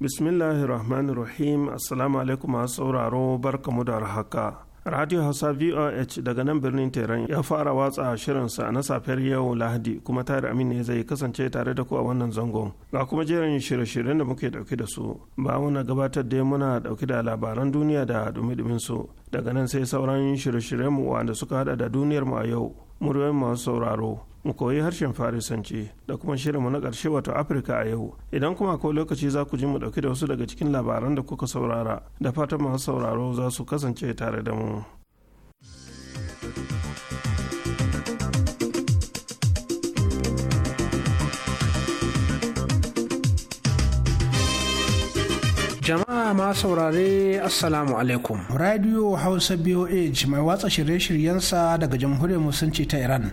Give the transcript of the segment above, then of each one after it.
Bismillahirrahmanirrahim Assalamu alaikum masu sauraro kamu da haka. Radio Hausa VOH daga nan birnin Tehran ya fara watsa shirinsa na safiyar yau Lahadi kuma tare Amin ne zai kasance tare da ku a wannan zangon. Ga kuma jerin shirye-shiryen da muke dauke da su. Ba muna gabatar da muna dauke da labaran duniya da dumi su. Daga nan sai sauran shirye-shiryen mu wanda suka hada da duniyarmu a yau. Muryoyin masu sauraro. mu koyi harshen farisanci da kuma shirin mu na ƙarshe wato afirka a yau idan kuma akwai lokaci za ku ji mu ɗauki da wasu daga cikin labaran da kuka saurara da fatan masu sauraro za su kasance tare da mu jama'a ma saurare assalamu alaikum radio hausa boh mai watsa shirye-shiryensa daga jamhuriyar musulunci ta iran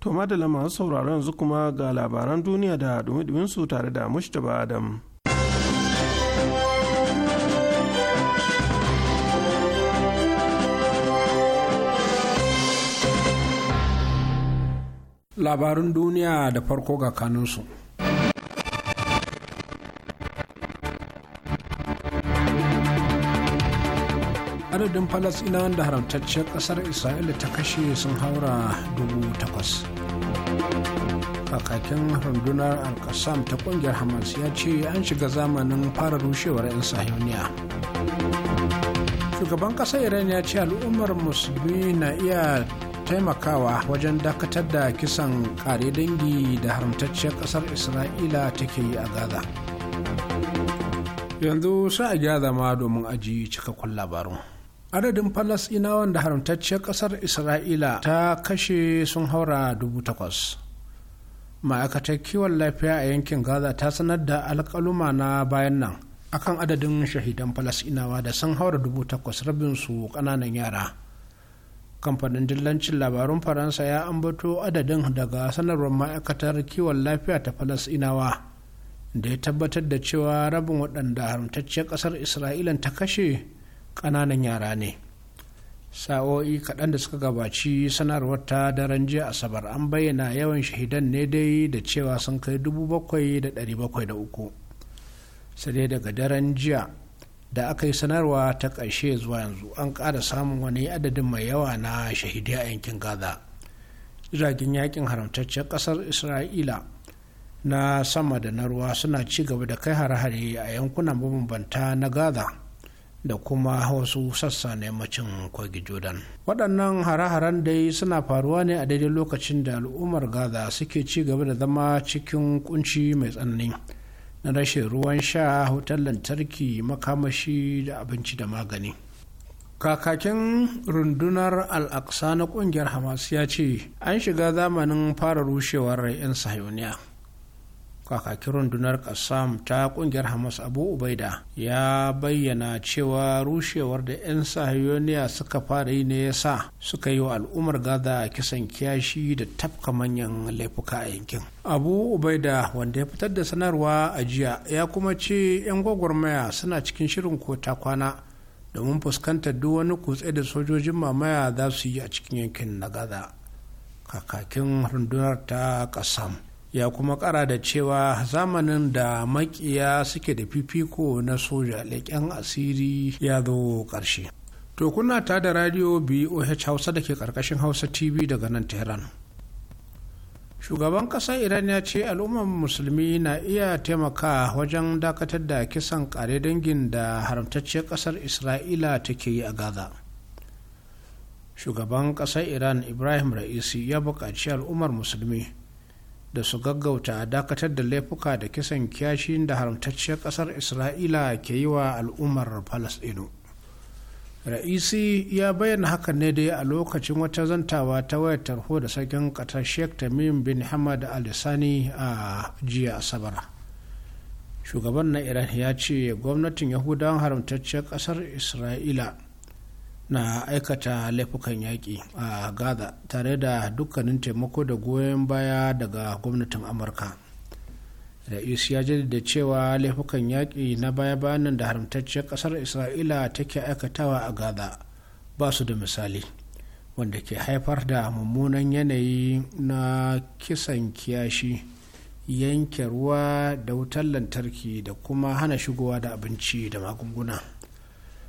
To da masu sauraron yanzu kuma ga labaran duniya da dumi su tare da Mustapha Adam. Labarin duniya da farko ga kanunsu. adadin falasɗinawan da haramtacciyar ƙasar isra'ila ta kashe sun haura dubu kakakin rundunar alkasam ta ƙungiyar hamas ya ce an shiga zamanin fara rushewar 'yan sahiyoniya shugaban ƙasar iran ya ce al'ummar musulmi na iya taimakawa wajen dakatar da kisan kare dangi da haramtacciyar ƙasar isra'ila take yi a gaza yanzu sai a gyara zama domin aji cikakkun labarun. adadin Falasɗinawa da haramtacciyar ƙasar isra'ila ta kashe sun haura dubu takwas ma'aikatar kiwon lafiya a yankin gaza ta sanar da alkaluma na bayan nan akan adadin shahidan falasɗinawa da sun haura dubu takwas rabin su ƙananan yara kamfanin dillancin labarun faransa ya ambato adadin daga sanarwar ma'aikatar kiwon lafiya ta falasɗinawa da ya tabbatar da cewa rabin waɗanda haramtacciyar ƙasar Isra'ila ta kashe ƙananan yara ne sa'o'i kaɗan da suka gabaci sanarwar ta daren jiya asabar an bayyana yawan shahidan ne dai da cewa sun kai dubu bakwai da da uku. sai daga daren jiya da aka yi sanarwa ta ƙarshe zuwa yanzu an ƙara samun wani adadin mai yawa na shahidai a yankin gaza jiragen yakin haramtaccen ƙasar isra'ila na sama da na ruwa suna ci gaba da kai hare-hare a yankunan mabambanta na gaza da kuma wasu sassa na yammacin kogi jordan waɗannan hare-haren dai suna faruwa ne a daidai lokacin da al'ummar gaza suke ci gaba da zama cikin kunci mai tsanani na rashin ruwan sha wutar lantarki makamashi da abinci da magani kakakin rundunar al'aqsa na ƙungiyar hamas ya ce an shiga zamanin fara rushewar 'yan sahiyoniya kakakin rundunar kasam ta kungiyar hamas abu ubaida ya bayyana cewa rushewar da 'yan sahiyoniya suka fara yi ne ya sa suka yi wa al'ummar gaza kisan kiyashi da tafka manyan laifuka a yankin abu ubaida wanda ya fitar da sanarwa a jiya ya kuma ce 'yan gwagwarmaya suna cikin shirin kota kwana domin fuskantar duk wani kutse da sojojin mamaya za su yi a cikin yankin na gaza kakakin rundunar ta kasam ya kuma kara da cewa zamanin da makiya suke da fifiko na soja leƙen asiri ya zo ƙarshe to kuna ta da radio boh hausa da ke ƙarƙashin hausa tv daga nan tehran shugaban ƙasar iran ya ce al'ummar musulmi na iya taimaka wajen dakatar da kisan ƙare dangin da haramtacciyar ƙasar isra'ila take yi a gaza shugaban ƙasar iran ibrahim ra'isi ya buƙaci al'ummar musulmi da su gaggauta a dakatar da laifuka da kisan kiyashi da haramtacciyar kasar isra'ila ke yi wa al'ummar falasɗinu ra'isi ya bayyana hakan ne dai a lokacin wata zantawa ta wayar tarho da sarkin ƙasar sheikh tamim bin hamad al a jiya asabar shugaban na iran ya ce gwamnatin yahudawan haramtacciyar kasar isra'ila na aikata laifukan yaƙi a gaza tare da dukkanin taimako da goyon baya daga gwamnatin amurka ra'is ya jaddada cewa laifukan yaƙi na baya bayanan da haramtacciyar ƙasar isra'ila take aikatawa a gaza ba su da misali wanda ke haifar da mummunan yanayi na kisan kiyashi yanke ruwa da wutar lantarki da kuma hana shigowa da abinci da magunguna.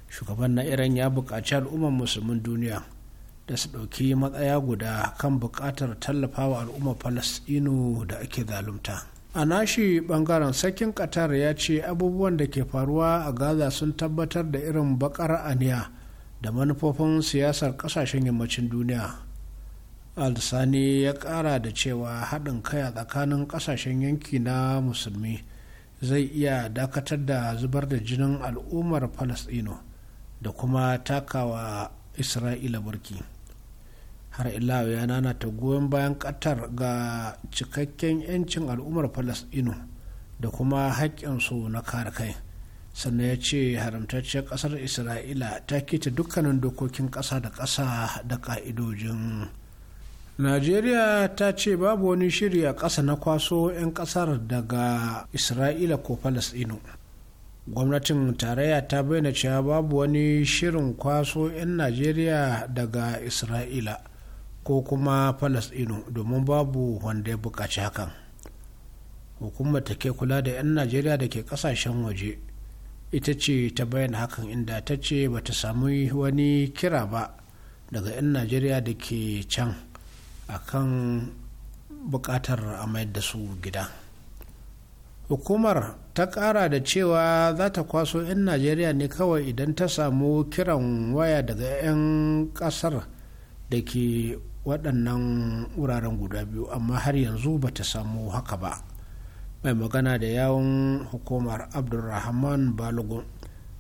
shugaban na iran ya buƙaci al'ummar musulmin duniya da su ɗauki matsaya guda kan buƙatar tallafawa al'ummar falasɗinu da ake zalunta a nashi ɓangaren sakin qatar ya ce abubuwan da ke faruwa a gaza sun tabbatar da irin baƙar aniya da manufofin siyasar ƙasashen yammacin duniya alsani ya ƙara da cewa haɗin kai a tsakanin ƙasashen yanki na musulmi zai iya dakatar da zubar da jinin al'ummar falasɗinu da kuma takawa isra'ila burki har ila ya ta goyon bayan katar ga cikakken 'yancin al'ummar falasɗinu da kuma haƙƙinsu na kare kai sannan ya ce haramtacciyar ƙasar isra'ila ta keta dukkanin dokokin ƙasa da ƙasa da ƙa'idojin najeriya ta ce babu wani shiri a ƙasa na kwaso 'yan ƙasar daga isra'ila ko falasɗinu gwamnatin tarayya ta bayyana cewa babu wani shirin kwaso 'yan najeriya daga isra'ila ko kuma falasɗinu domin babu wanda ya bukaci hakan hukumar ta ke kula da 'yan najeriya da ke kasashen waje ita ce ta bayyana hakan inda ta ce ba ta sami wani kira ba daga 'yan najeriya da ke can akan bukatar a mayar da su gida. hukumar ta kara da cewa za ta kwaso 'yan najeriya ne kawai idan ta samu kiran waya daga 'yan kasar da ke waɗannan wuraren guda biyu amma har yanzu ba ta samu haka ba mai magana da yawon hukumar abdulrahman balogun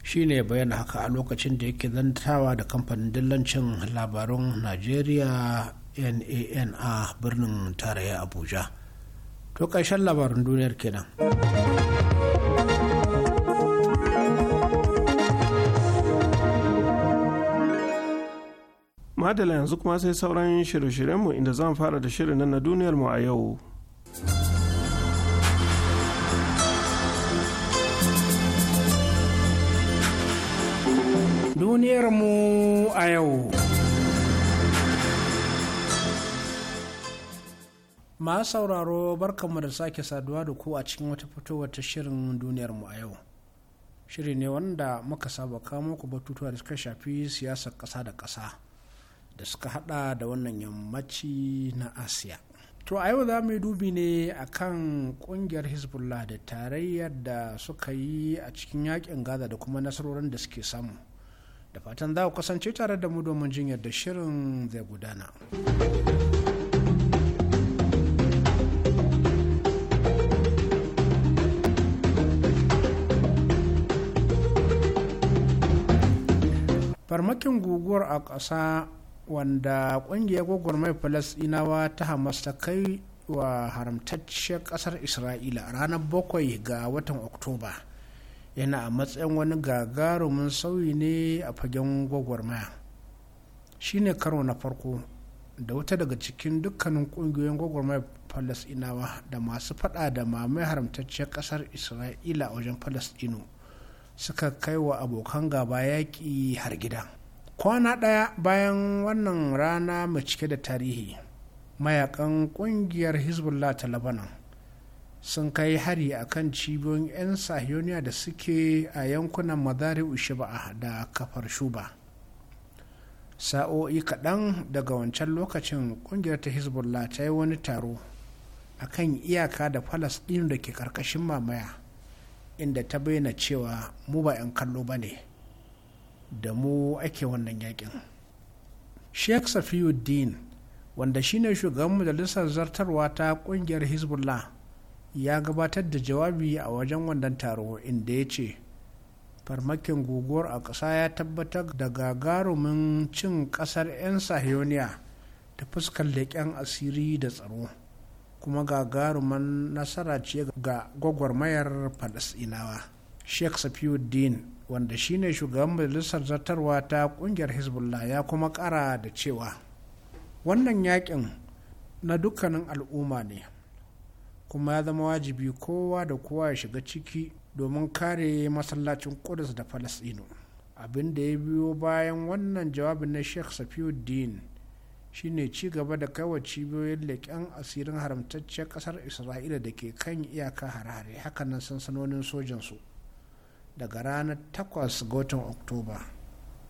shi ne bayyana haka a lokacin da yake zantawa da kamfanin dillancin labarun najeriya nan a birnin tarayya abuja to ƙarshen labarin duniyar kenan. madala yanzu kuma sai sauran shirye-shiryenmu inda zan fara da shirin nan na duniyar a yau duniyar mu a yau ma sauraro barkanmu da sake saduwa da ku a cikin wata fitowar ta shirin duniyar mu a yau shiri ne wanda muka saba kamo ku batutuwa da suka shafi siyasar kasa da kasa da suka hada da wannan yammaci na asiya to a yau za mu yi dubi ne a kan ƙungiyar hezbollah da tarayyar da suka yi a cikin yakin gaza da kuma nasarorin da suke samu da fatan za ku kasance tare da mu domin jin yadda shirin zai gudana. farmakin guguwar a ƙasa wanda ƙungiyar gwagwarmar falasɗinawa ta hamas ta kai wa haramtacciyar ƙasar isra'ila ranar bakwai ga watan oktoba yana a matsayin wani gagarumin sauyi ne a fagen gwagwarmaya shine karo na farko da wata daga cikin dukkanin ƙungiyoyin gwagwarmar falasɗinawa da masu faɗa da mamaye haramtacciyar ƙasar isra'ila a wajen falasɗinu suka kai wa abokan gaba yaƙi har gida kwana ɗaya bayan wannan rana mai cike da tarihi mayakan ƙungiyar hezbollah ta labanan sun kai hari a kan cibiyoyin 'yan sahiyoniya da suke a yankunan madari ushiba da kafar shuba sa'o'i kaɗan daga wancan lokacin ƙungiyar ta hezbollah ta yi wani taro a kan iyaka da falasɗin da ke ƙarƙashin mamaya inda ta bayyana cewa mu ba 'yan kallo ba ne da mu ake wannan yakin sheikh safiuddin wanda shine shugaban majalisar zartarwa ta kungiyar hezbollah ya gabatar da jawabi a wajen wannan taro inda ya ce farmakin guguwar a ƙasa ya tabbatar da gagarumin cin ƙasar 'yan sahioniya ta fuskar leƙen asiri da tsaro kuma gagaruman nasara ce ga gwagwarmayar inawa sheikh safiuddin wanda shine shugaban majalisar zartarwa ta kungiyar hezbollah ya kuma kara da cewa wannan yakin na dukkanin al'umma ne kuma ya zama wajibi kowa da kowa ya shiga ciki domin kare masallacin kudus da falasino abin da ya biyo bayan wannan jawabin na sheikh safiuddin shine ci gaba da kaiwa cibiyoyin leƙen asirin haramtacciyar ƙasar isra'ila da ke kan iyaka harare hakanan sansanonin sojansu daga ranar 8 ga oktoba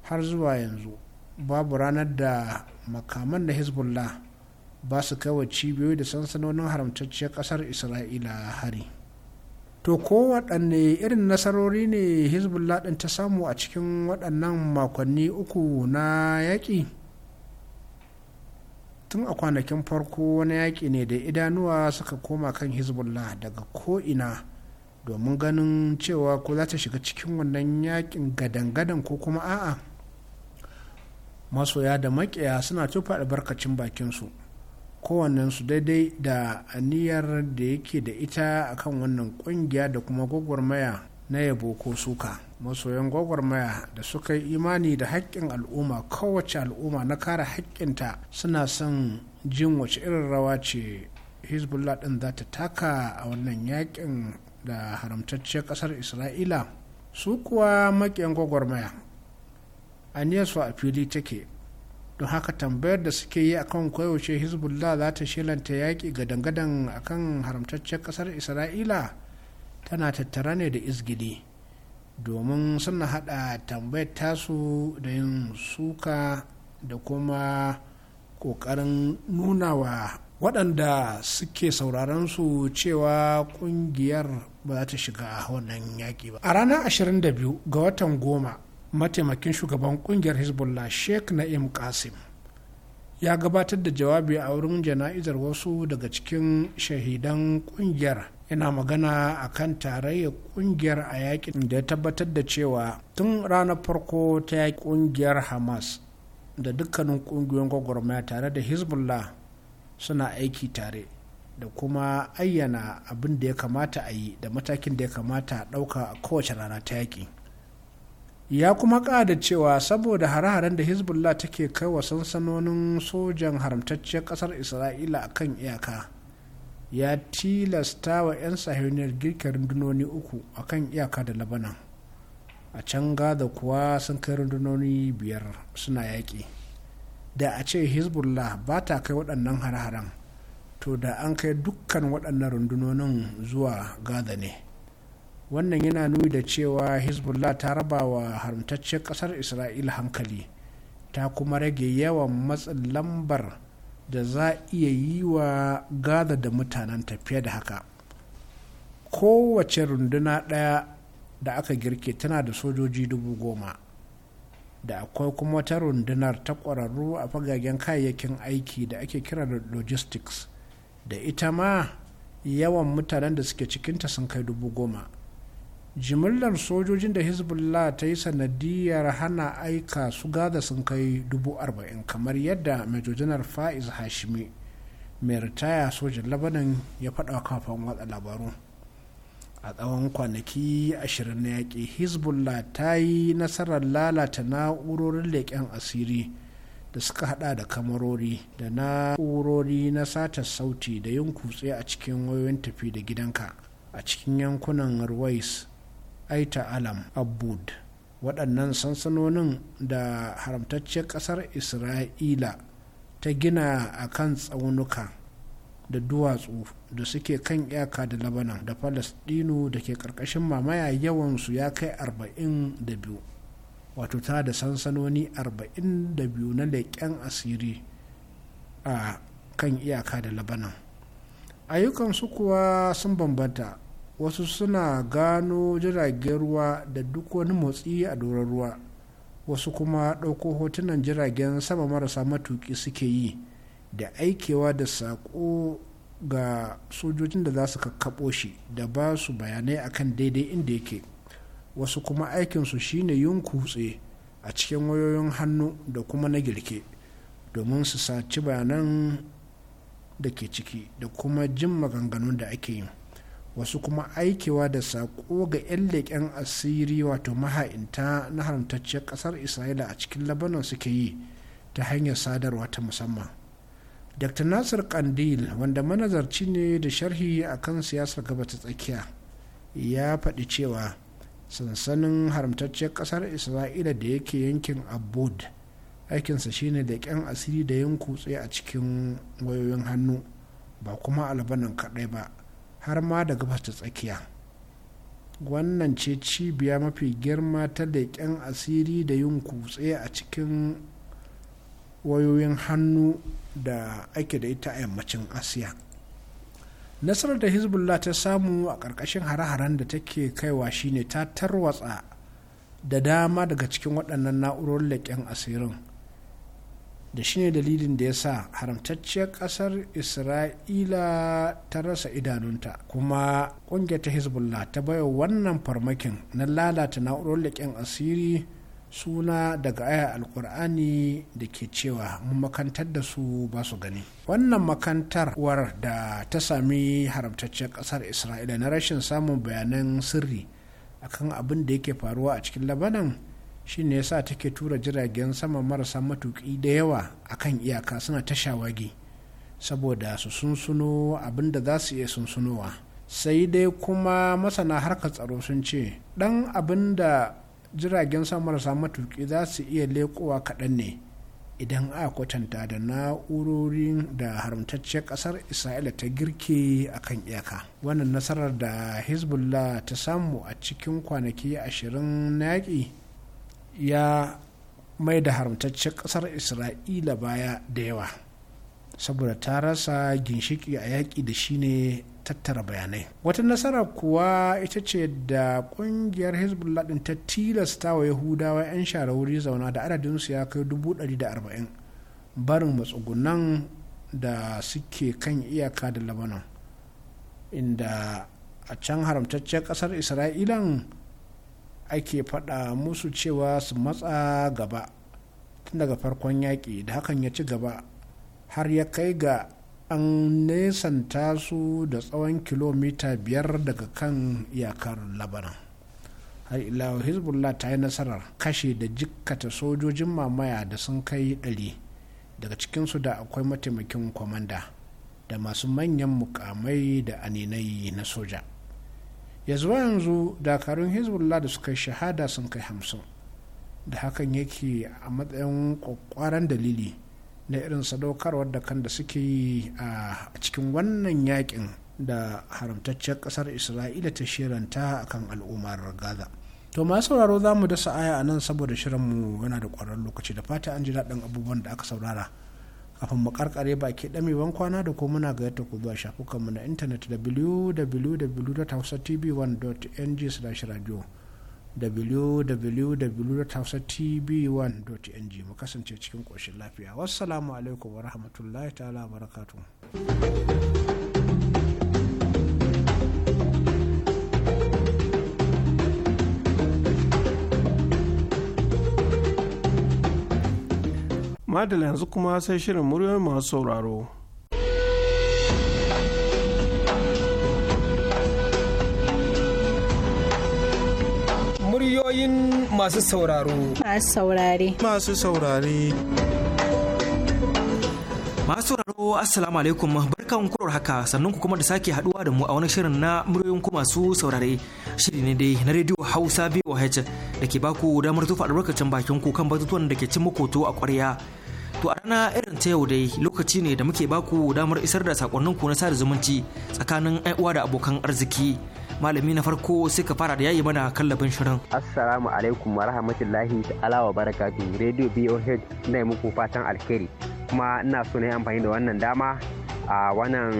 har zuwa yanzu babu ranar da makaman na hezbollah ba su kaiwa cibiyoyi da sansanonin haramtacciyar ƙasar isra'ila hari to ko waɗanne irin nasarori ne hezbollah ɗin ta samu a cikin waɗannan makonni uku na yaƙi tun a kwanakin farko wani yaƙi ne da idanuwa suka koma kan hezbollah daga ko'ina domin ganin cewa ko za ta shiga cikin wannan yaƙin gadan-gadan ko kuma a'a masoya da maƙiya suna tufa albarkacin bakinsu kowannensu daidai da aniyar da yake da ita akan wannan ƙungiya da kuma gwagwarmaya na yabo ko suka. masoyan gwagwarmaya da suka yi imani da haƙƙin al'umma kowace al'umma na kare haƙƙinta suna son jin wace irin rawa ce hezbollah ɗin za ta taka a wannan yaƙin da haramtacciyar ƙasar isra'ila su kuwa maƙiyan gwagwarmaya a su a fili take don haka tambayar da suke yi akan koyaushe hezbollah za ta yaki yaƙi dangadan akan haramtacciyar ƙasar isra'ila tana tattara ne da izgili. domin suna hada tambayar tasu da yin suka da kuma kokarin wa waɗanda suke sauraron su cewa ƙungiyar ba za ta shiga wannan yaƙi ba a ranar 22 ga watan goma mataimakin shugaban ƙungiyar hezbollah sheikh na'im qasim ya gabatar da jawabi a wurin jana'izar wasu daga cikin shahidan kungiyar yana magana a kan tarayyar kungiyar a yakin da ya tabbatar da cewa tun ranar farko ta yaƙi kungiyar hamas da dukkanin kungiyoyin gwagwarmaya tare da hezbollah suna aiki tare da kuma ayyana abin da ya kamata a yi da matakin da ya kamata a ɗauka a kowace rana ta yaƙi ya kuma ƙada cewa saboda hare-haren da hezbollah take kai wa sansanonin sojan haramtacciyar ƙasar isra'ila a kan iyaka ya tilasta wa 'yan sahiyoniyar girke rundunoni uku a kan iyaka da labanan a can gaza kuwa sun kai rundunoni biyar suna yaƙi da a ce hezbollah ba ta kai waɗannan hare-haren to da an kai dukkan waɗannan rundunonin zuwa gaza ne wannan yana nuni da cewa hezbollah ta raba wa haramtaccen kasar isra'ila hankali ta kuma rage yawan matsin lambar da za iya yi wa gaza da mutanen tafiya da haka kowace runduna ɗaya da aka girke tana da sojoji dubu goma da akwai kuma wata rundunar ta ƙwararru a fagagen kayayyakin aiki da ake kira da logistics da ita ma yawan mutanen da suke cikinta sun kai dubu goma jimillar sojojin da hezbollah ta yi sanadiyar hana aika su gada sun kai dubu arba'in kamar yadda majojinar fa'iz hashimi mai ritaya sojan labanan ya faɗa kafin watsa labaru a tsawon kwanaki ashirin na yaƙi hezbollah ta yi nasarar lalata na'urorin leƙen asiri da suka hada da kamarori da na'urori na sata sauti da yin kutse a cikin wayoyin tafi da gidanka a cikin yankunan ruwais aita alam abud waɗannan sansanonin da haramtacciyar ƙasar isra'ila ta gina a kan tsaunuka da duwatsu da suke kan iyaka da labanan da falastinu da ke ƙarƙashin mamaya yawansu ya kai 42 wato ta da sansanoni 42 na leƙen asiri a kan iyaka da labanan ayyukansu kuwa sun bambanta wasu suna gano jiragen ruwa da duk wani motsi a doron ruwa wasu kuma ɗauko hotunan jiragen sama marasa matuƙi suke yi da aikewa da saƙo ga sojojin da za su kakkaɓo shi da ba su bayanai akan daidai inda yake wasu kuma aikinsu shine yin kutse a cikin wayoyin hannu da kuma na girke domin su saci bayanan da ke ciki da kuma jin maganganun da ake yi. wasu kuma aikewa da sako ga 'yan leƙen asiri wato maha'inta na haramtacciyar ƙasar isra'ila a cikin labanon suke yi ta hanyar sadarwa ta musamman dr nasir kandil wanda manazarci ne da sharhi a kan siyasar gaba ta tsakiya ya faɗi cewa sansanin haramtacciyar ƙasar isra'ila da yake yankin abud aikinsa shine leƙen asiri da yin kutse a cikin wayoyin hannu ba kuma a kaɗai ba har ma da gabas ta tsakiya wannan ce cibiya mafi girma ta leƙen asiri da yin kutse a cikin wayoyin hannu da ake da ita a yammacin asiya nasarar da hezbollah ta samu a ƙarƙashin hare-haren da take kaiwa shine ta tarwatsa da dama daga cikin waɗannan na'urorin leƙen asirin da shine dalilin da ya sa haramtacciyar ƙasar isra'ila ta rasa idanunta kuma ƙungiyar ta hezbollah ta baiwa wannan farmakin na lalata na'urar leƙen asiri suna daga aya alkur'ani da ke cewa mun makantar da su ba su gani wannan makantarwar da ta sami haramtacciyar ƙasar isra'ila na rashin samun bayanan sirri akan abin da yake faruwa a cikin labanan shi ne yasa take tura jiragen sama marasa matuƙi da yawa a kan iyaka suna ta shawagi saboda su sunsuno abin da za su iya sunsunowa sai dai kuma masana harkar tsaro sun ce ɗan abin da jiragen sama marasa matuƙi za su iya leƙowa kaɗan ne idan a kwatanta da na'urorin da haramtacciyar ƙasar isra'ila ta girke a kan iyaka wannan nasarar da hezbollah ta samu a cikin kwanaki ashirin na yaƙi ya mai da haramtaccen ƙasar isra'ila baya da yawa saboda ta rasa ginshiki a yaƙi da shi ne tattara bayanai wata nasara kuwa ita ce da ƙungiyar hezbollah ɗin ta tilasta wa yahudawa 'yan shara wuri zauna da adadinsu ya kai dubu da arba'in barin matsugunan da suke kan iyaka da labanon inda a can haramtaccen ƙasar isra'ilan ake faɗa musu cewa su matsa gaba tun daga farkon yaƙi da hakan ya ci gaba har ya kai ga an nesanta su da tsawon kilomita biyar daga kan iyakar labarin. har ila hezbollah ta yi nasarar kashe da jikkata sojojin mamaya da sun kai ɗari daga cikinsu da akwai mataimakin kwamanda da masu manyan mukamai da aninai na soja. ya zuwa yanzu dakarun hezbollah da suka shahada sun kai hamsin da hakan yake a matsayin kwakwaran dalili na irin sadaukarwar da kan da suke yi a cikin wannan yakin da haramtaccen kasar isra'ila ta shiranta a kan al'ummar gaza to masu sauraro za mu dasa aya a nan saboda shirinmu yana da kwarar lokaci da fata an ji daɗin abubuwan da aka saurara kafin mu karkare baki ban kwana da kuma muna gayyata ku zuwa shafukan mu na intanet www.hausatv1.ng/radio www.hausatv1.ng mu kasance cikin koshin lafiya wassalamu alaikum wa ta'ala barakatuhu amma da yanzu kuma sai shirin muryoyin masu sauraro. Muryoyin masu sauraro. Masu saurare. Masu saurare. Masu sauraro Assalamu alaikum barkan kurar haka sannan ku kuma da sake haduwa da mu a wani shirin na muryoyin ku masu saurare shiri ne dai na rediyo Hausa VOH da ke baku damar tufa albarkacin bakin ku kan batutuwan da ke cin makoto a ƙwarya To a rana irin ta yau dai lokaci ne da muke baku damar isar da sakonnin ku na sada zumunci tsakanin uwa da abokan arziki. malami na farko sai ka fara da yayi mana kallabin shirin. Assalamu alaikum wa rahmatullahi ta'ala wa barakatu. Radio BOH ina muku fatan alkhairi kuma ina so na amfani da wannan dama a wannan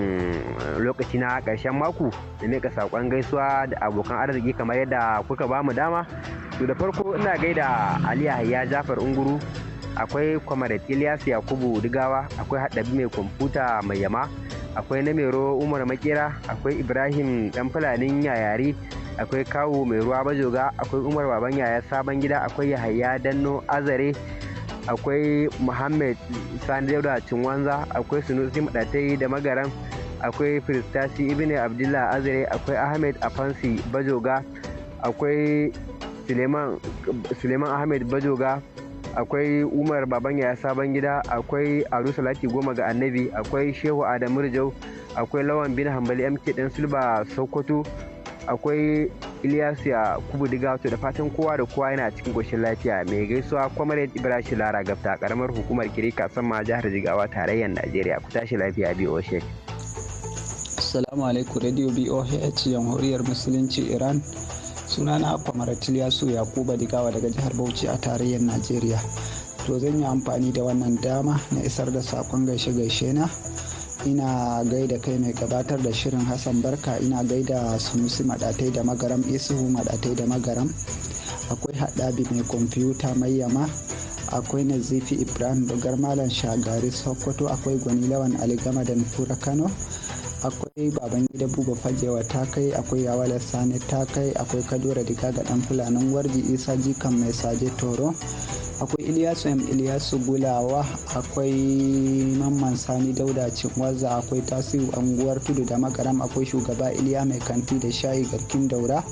lokaci na karshen mako da mika sakon gaisuwa da abokan arziki kamar yadda kuka bamu dama. To da farko ina gaida Ali Hayya Jafar Unguru akwai kwamarat ilyas yakubu digawa akwai haɗabi mai kwamfuta mai yama akwai namero umar makera akwai ibrahim dan fulanin yayari akwai kawu mai ruwa bajoga akwai umar baban yaya sabon gida akwai yahaya danno azare akwai muhammad sani dauda cinwanza akwai sunusi madatai da magaran akwai firistasi ibn abdullah azare akwai ahmed afansi bajoga akwai suleiman ahmed bajoga akwai umar baban ya sabon gida akwai aru salati goma ga annabi akwai shehu adamu rijau akwai lawan bin hambali mk dan silba sokoto akwai ilyasu ya kubu digato da fatan kowa da kowa yana cikin goshin lafiya mai gaisuwa kwamare ibrahim lara gafta karamar hukumar kirika sama jihar jigawa tarayyar najeriya ku tashi lafiya biyo shek assalamu alaikum radio boh jamhuriyar musulunci iran sunana kwamaratil yasu yakuba digawa daga jihar bauchi a tarayyar najeriya to zan yi amfani da wannan dama na isar da sakon gaishe-gaishe na ina gaida kai mai gabatar da shirin hassan barka ina gaida sunusi madatai da magaram isuhu madatai da magaram akwai haɗabi mai kwamfuta mai akwai nazifi ibrahim dogar malam shagari sokoto akwai gwani lawan aligama da nufura kano akwai baban gida buba fajewa ta kai akwai yawala sani ta kai akwai kadura diga ga dan fulanin warji isa jikan mai saje toro akwai iliyasu m iliyasu gulawa akwai mamman sani dauda waza akwai tasiru anguwar tudu da makaram akwai shugaba iliya mai kanti da shayi garkin daura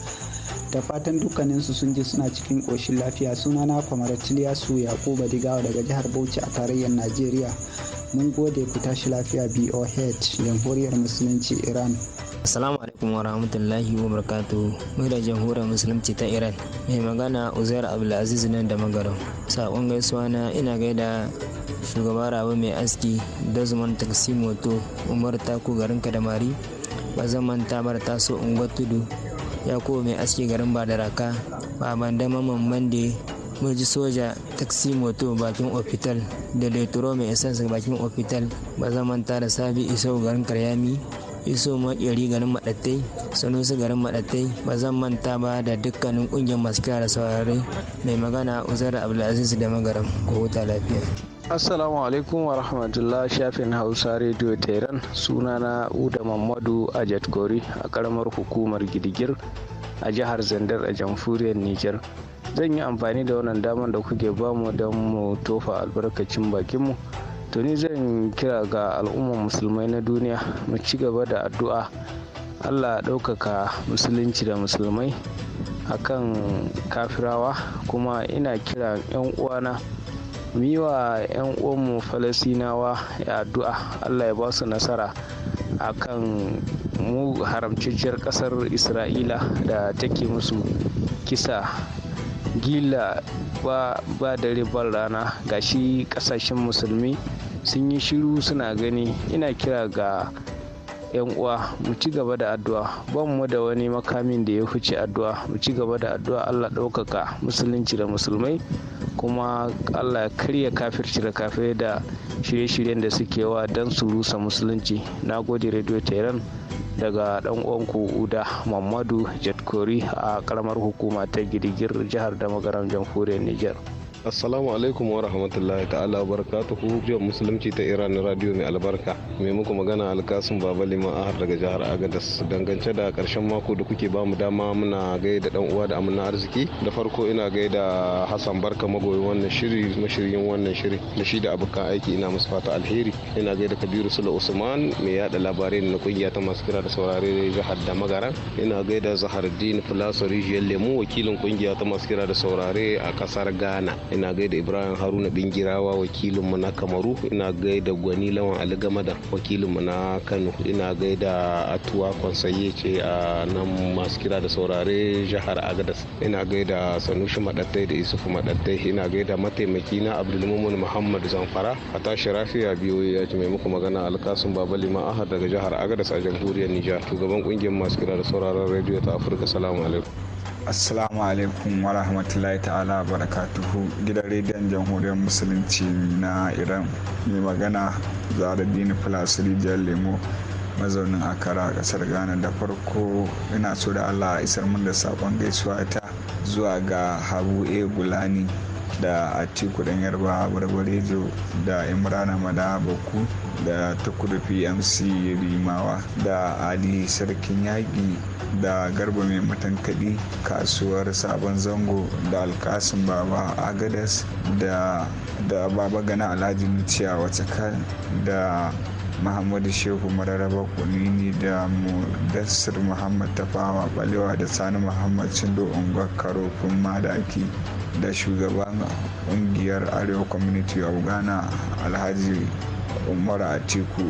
da fatan dukkaninsu sun ji suna cikin koshin lafiya sunana kwamar tiliyasu yakuba digawa daga jihar bauchi a tarayyar najeriya mun gode ku tashi lafiya boh jamhuriyar musulunci iran Assalamu alaikum wa rahmatullahi wa barakatuh. Mai da jamhuriyar musulunci ta Iran. Mai magana Uzair Abdulaziz nan da magaro Sakon gaisuwa na ina gaida shugaba rabu mai aski Dozman Taksi Moto Umar Taku garin Kadamari. Bazaman Tamar Taso Ungwa Tudu. Yakubu mai aski garin Badaraka. Baban Dama Mamman mun ji soja taksi moto bakin ofital da laitoro mai essence bakin ofital ba manta da sabi iso garin karyami iso makeri garin madattai sanusi garin madattai ba zan manta ba da dukkanin kungiyar masu kira da saurare mai magana uzar abdulaziz da magaram ko huta lafiya Assalamu alaikum wa rahmatullah shafin Hausa Radio Tehran sunana Uda Mamadu Ajat Kori a karamar hukumar Gidigir a jihar Zandar a jamhuriyar Nijar. Zan yi amfani da wannan damar da kuke bamu don mu tofa albarkacin bakinmu. To ni zan kira ga al'ummar musulmai na duniya mu ci gaba da addu'a. Allah ɗaukaka musulunci da musulmai akan kafirawa kuma ina kira 'yan uwana mu yi wa 'yan uwanmu falasinawa addu'a allah ya ba su nasara a kan mu haramcicciyar kasar isra'ila da take musu kisa gila ba, ba dare ban rana ga shi kasashen musulmi sun yi shiru suna gani ina kira ga yan uwa mu ci gaba da addu'a ban mu da wani makamin da ya huce addu'a mu ci gaba da addu'a Allah ɗaukaka musulunci da musulmai kuma Allah ya karya kafirci da kafe da shirye-shiryen da suke wa don su rusa musulunci na gode radio tehran daga dan uwanku uda mamadu jadkori a karamar hukuma ta girgir jihar damagaram jamhuriyar niger assalamu alaikum wa rahmatullahi ta'ala barakatuhu jiyar musulunci ta iran radio mai albarka mai muku magana alkasun baba liman ahar daga jihar agadas dangance da karshen mako da kuke bamu dama muna gaida dan uwa da amina arziki da farko ina gaida hassan barka magoyi wannan shiri mashiryin wannan shiri da shi da abokan aiki ina musu fata alheri ina gaida kabiru sula usman mai yada labarai na kungiya ta masu kira da saurare jihar da ina gaida zahardin fulasa rijiyar lemu wakilin kungiya ta masu kira da saurare a kasar ghana ina gaida ibrahim haruna bingirawa wakilinmu na kamaru ina gaida gwani lawan ali gamada wakilinmu na kano ina gaida atuwa konsaye ce a nan masu kira da saurare jihar agadas ina gaida sanushi madattai da isuf madattai ina gaida mataimaki na abdulmumun muhammad zamfara a tashi rafiya biyu ya ji mai muku magana alkasun baba liman ahad daga jihar agadas a jamhuriyar nijar shugaban kungiyar masu kira da sauraron rediyo ta afirka salamu alaikum assalamu alaikum wa rahmatullahi ta'ala barakatuhu gidan rediyon jamhuriyar musulunci na iran mai magana zaradini filasiri jiyar lemo mazaunin akara kasar ghana da farko ina so da allah isar mun da sakon gaisuwa ta zuwa ga habu e gulani da atiku dan yarba barbarejo da imrana mada baku da takurufi mc rimawa da ali sarkin yaƙi da garba mai matankaɗi kasuwar sabon zango da alkasin baba agadas da baba gana alhaji nuciya wacce da muhammadu shehu mararaba kunini da mudassir muhammad tafawa balewa da sani muhammad cindo unguwar karofin madaki da shugaban kungiyar arewa community of ghana alhaji umar atiku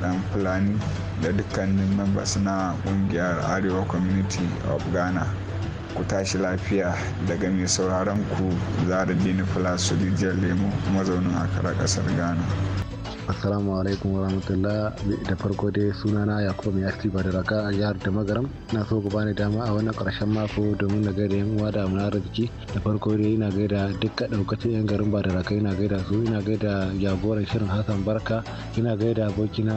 dan fulani da dukkanin members na kungiyar arewa community of ghana ku tashi lafiya daga mai sauraron ku zara jini fula su lemu mazaunin akara kasar ghana assalamu alaikum wa rahmatullah da farko dai sunana ya mai ya ba da raka a jihar da magaram na so ku bani dama a wannan karshen mako domin na gaida yan uwa da amina arziki da farko dai ina gaida dukkan daukacin yan garin ba da raka ina gaida su ina gaida jagoran shirin hassan barka ina gaida abokina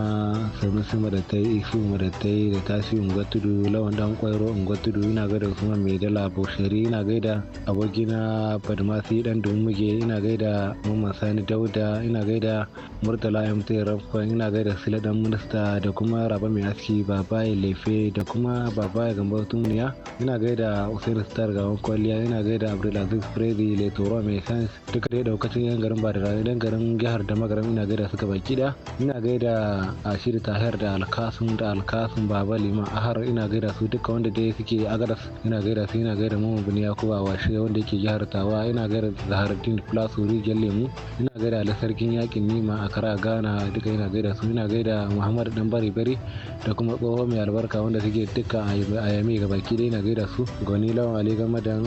ta yi isu madatai da tasi tudu lawan dan kwairo tudu ina gaida ma mai dala boshari ina gaida abokina badmasi dan domin ina gaida mamman sani dauda ina gaida murtala Ibrahim Teran ina gaida Sila dan minista da kuma Raba mai aski Babaye Lefe da kuma Babaye Gambo tuniya ina gaida Usain Star gaban kwaliya ina gaida Abdulaziz Frezi Letoro mai sans duka da daukacin yan garin Badara yan garin jihar da magaram ina gaida suka baki da ina gaida Ashir Tahir da Alkasun da Alkasun Baba a Ahar ina gaida su duka wanda dai suke Agadas ina gaida su ina gaida Muhammad Bin Yakuba washe wanda yake jihar Tawa ina gaida Zaharuddin Plasu Rijal Lemu ina gaida Ali Sarkin Yakin Nima a ga. ana duka ina gaida su ina gaida muhammad dan bari bari da kuma tsoho mai albarka wanda suke duka a yami ga baki dai ina gaida su gwani lawan ali game da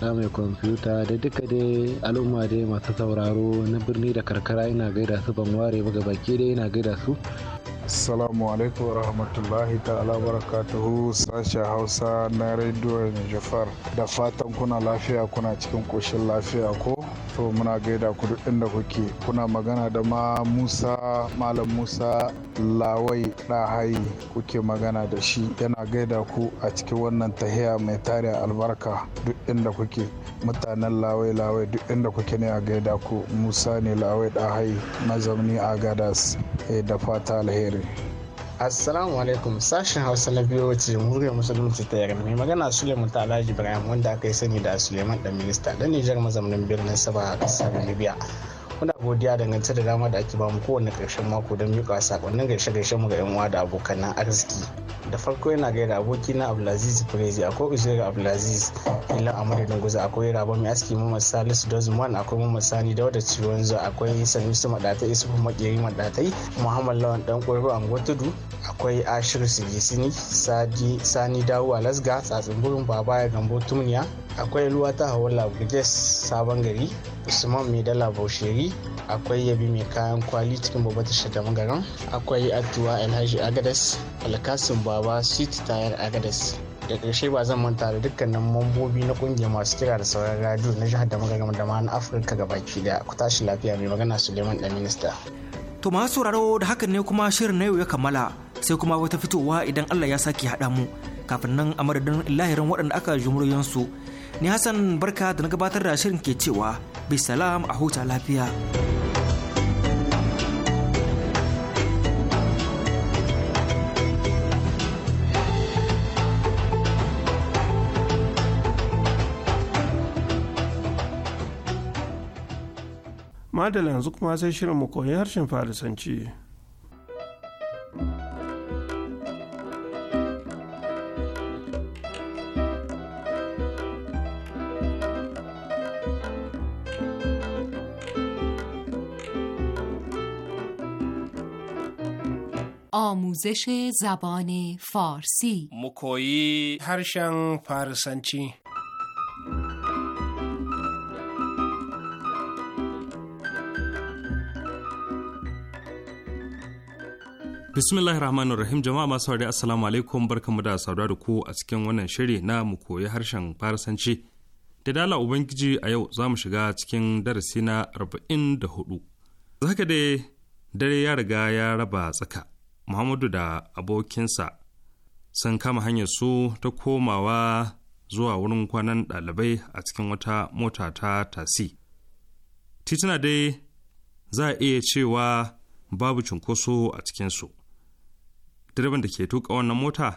a mai kwamfuta da duka dai al'umma dai masu sauraro na birni da karkara ina gaida su ban ware ba ga baki dai ina gaida su Assalamu alaikum rahmatullahi ta'ala barakatuhu sashen Hausa na rediyo Jafar. Da fatan kuna lafiya kuna cikin koshin lafiya ko? To muna gaida ku duk inda kuke. Kuna magana da ma Musa Malam Musa Lawai hayi kuke magana da shi yana gaida ku a cikin wannan tahiya mai tare albarka duk inda kuke. Mutanen Lawai Lawai duk inda kuke ne a gaida ku Musa ne Lawai na mazauni a Gadas. Eh, da fata alheri. gobe assalamu alaikum sashen hausa na biyo wace muryar musulunci ta yarda mai magana suleiman ta alhaji ibrahim wanda aka yi sani da suleiman dan minista da nijar mazaunin birnin saba a ƙasar libya muna godiya dangance da dama da ake bamu kowanne karshen mako don miƙa sakonnin gaishe gaishe mu ga yan uwa da abokan arziki da farko yana gaida aboki na abdulaziz firezi akwai uzair abdulaziz Filin a da guza akwai rabo mai aski muhammad salisu dozman akwai muhammad sani ciwon zuwa akwai sanusi madatai isufu makeri madatai muhammad lawan dan kwaro a tudu akwai ashir sigisini sani dawo alasga tsatsin gurin ya gambo tumniya akwai ruwa ta hawa labuges sabon gari usman mai dala bausheri akwai yabi mai kayan kwali cikin babbar tashar da magaran akwai atuwa alhaji agadas alkasin baba sweet tayar agadas da ƙarshe ba zan manta da dukkanin mambobi na ƙungiyar masu kira da sauran radio na jihar da magaran da ma na afirka gabaki da ku tashi lafiya mai magana suleiman da minista to masu sauraro da hakan ne kuma shirin na yau ya kammala sai kuma wata fitowa idan allah ya sake haɗa mu kafin nan a madadin lahirin waɗanda aka jumuriyansu su ni hassan barka da na gabatar da shirin ke cewa bai salam a huta lafiya madalla yanzu kuma sai shirin mu koyi harshen farisanci آموزش زبان فارسی مکویی هرشن فارسنچی Bismillahir Rahmanir Rahim jama'a masu haure assalamu alaikum barkamu da saduwa da ku a cikin wannan shiri na mu koyi harshen Farisanci. Da dala Ubangiji a yau za mu shiga cikin darasi na arba'in da hudu. haka dai dare ya riga ya raba tsaka muhammadu da abokinsa sun kama hanyar su ta komawa zuwa wurin kwanan ɗalibai a cikin wata mota ta tasi tituna dai za a iya cewa babu cunkoso a cikinsu direban da ke tuka wannan mota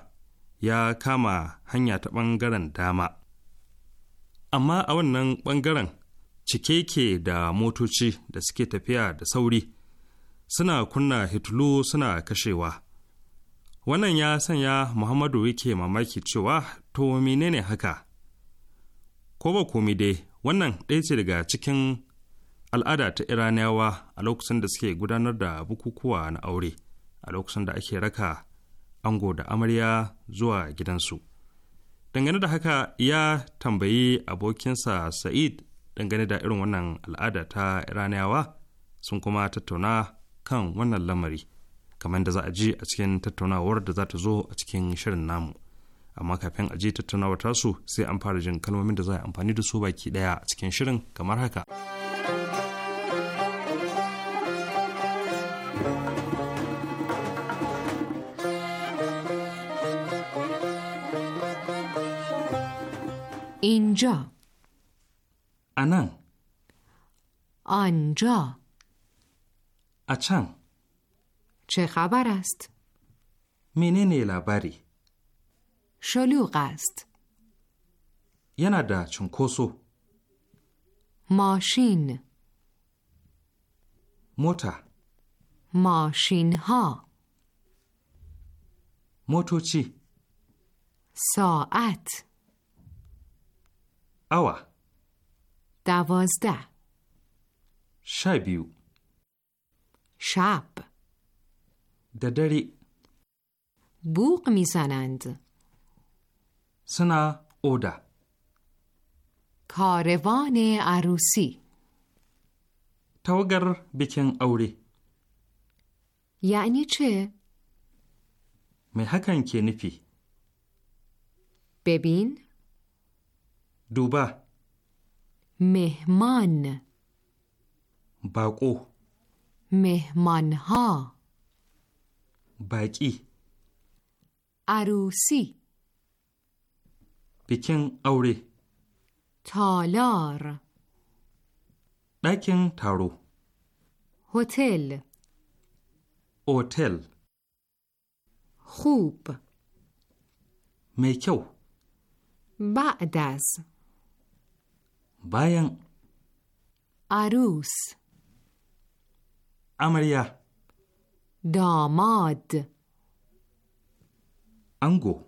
ya kama hanya ta ɓangaren dama amma a wannan ɓangaren cike ke da motoci da suke tafiya da sauri suna kunna hitulu suna kashewa wannan ya sanya muhammadu yake mamaki cewa to menene haka ko ba komi dai wannan ɗaya ce daga cikin al'ada ta iraniyawa a lokacin da suke gudanar da bukukuwa na aure a lokacin da ake raka ango da amarya zuwa gidansu dangane da haka ya tambayi abokinsa sa'id dangane da irin wannan al'ada ta iraniyawa sun kuma tattauna kan wannan lamari kamar da za a ji a cikin tattaunawar da za ta zo a cikin shirin namu amma kafin a je tattaunawar tasu sai an fara jin kalmomin da za a amfani da su baki daya a cikin shirin kamar haka. اینجا Anan. Anja. اچان چه خبر است؟ نیلا باری شلوغ است یه نده چون کسو ماشین موتا ماشین ها موتو چی؟ ساعت اوا دوازده شبیو شب ددری بوق میزنند سنا اودا کاروان عروسی توگر بکن اوری یعنی چه؟ می که نفی ببین دوبه مهمان باقو مهمانها باقی عروسی بیکن اوری تالار دکن تارو هتل هتل خوب میکو بعد از باین عروس امریا داماد انگو